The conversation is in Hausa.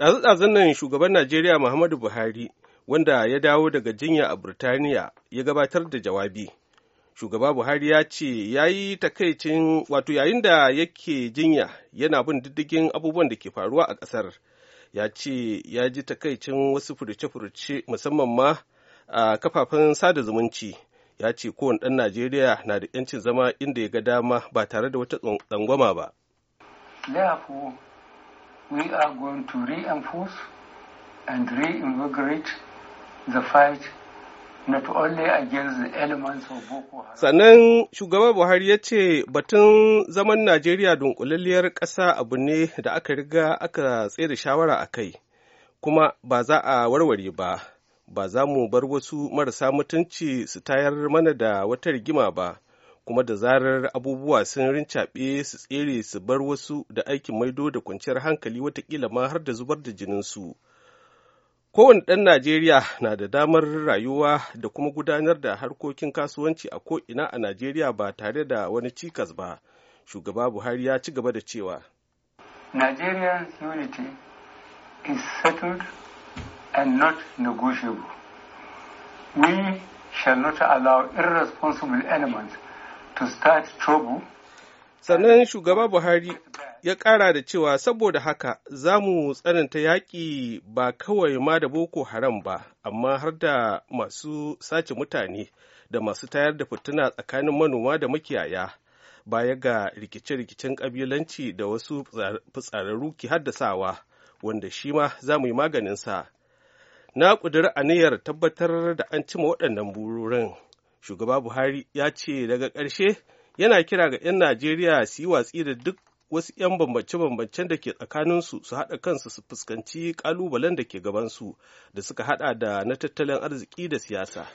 ɗazu-ɗazun nan shugaban najeriya muhammadu buhari wanda ya dawo daga jinya a burtaniya ya gabatar da jawabi shugaba buhari ya ce ya yi takaicin wato yayin da yake jinya yana bin diddigin abubuwan da ke faruwa a ƙasar ya ce ya ji takaicin wasu furuce-furuce musamman ma a kafafen sada zumunci ya ce kowane ɗan najeriya na da 'yancin zama inda ya ga dama ba tare da wata tsangwama ba therefore we are going to reinforce and reinvigorate the fight not only against the elements of Boko Haram. Sannan shugaban Buhari ya ce batun zaman Najeriya dunkulalliyar ƙasa abu ne da aka riga aka tsere shawara a kai, kuma ba za a warware ba, ba za mu bar wasu marasa mutunci su tayar mana da wata rigima ba. kuma da zarar abubuwa sun rincaɓe su tsere su bar wasu da aikin maido da kwanciyar hankali watakila ma har da zubar da jinin su. kowane ɗan najeriya na da damar rayuwa da kuma gudanar da harkokin kasuwanci a ko'ina a najeriya ba tare da wani cikas ba shugaba buhari ya ci gaba da cewa nigeria's unity is settled and not negotiable we shall not allow irresponsible elements sannan shugaba buhari ya ƙara da cewa saboda haka za mu tsananta yaƙi ba kawai ma da boko haram ba amma har da masu sace mutane da masu tayar da fituna tsakanin manoma da makiyaya baya ga rikice-rikicen ƙabilanci da wasu fitsararru ke haddasawa wanda shi ma za mu yi maganinsa na ƙudiri aniyar tabbatar da an cima waɗannan bururin. shugaba buhari ya ce daga ƙarshe yana kira ga 'yan najeriya su yi watsi da duk wasu 'yan bambance-bambancen da ke tsakaninsu su haɗa kansu su fuskanci ƙalubalen da ke gabansu da suka haɗa da na tattalin arziki da siyasa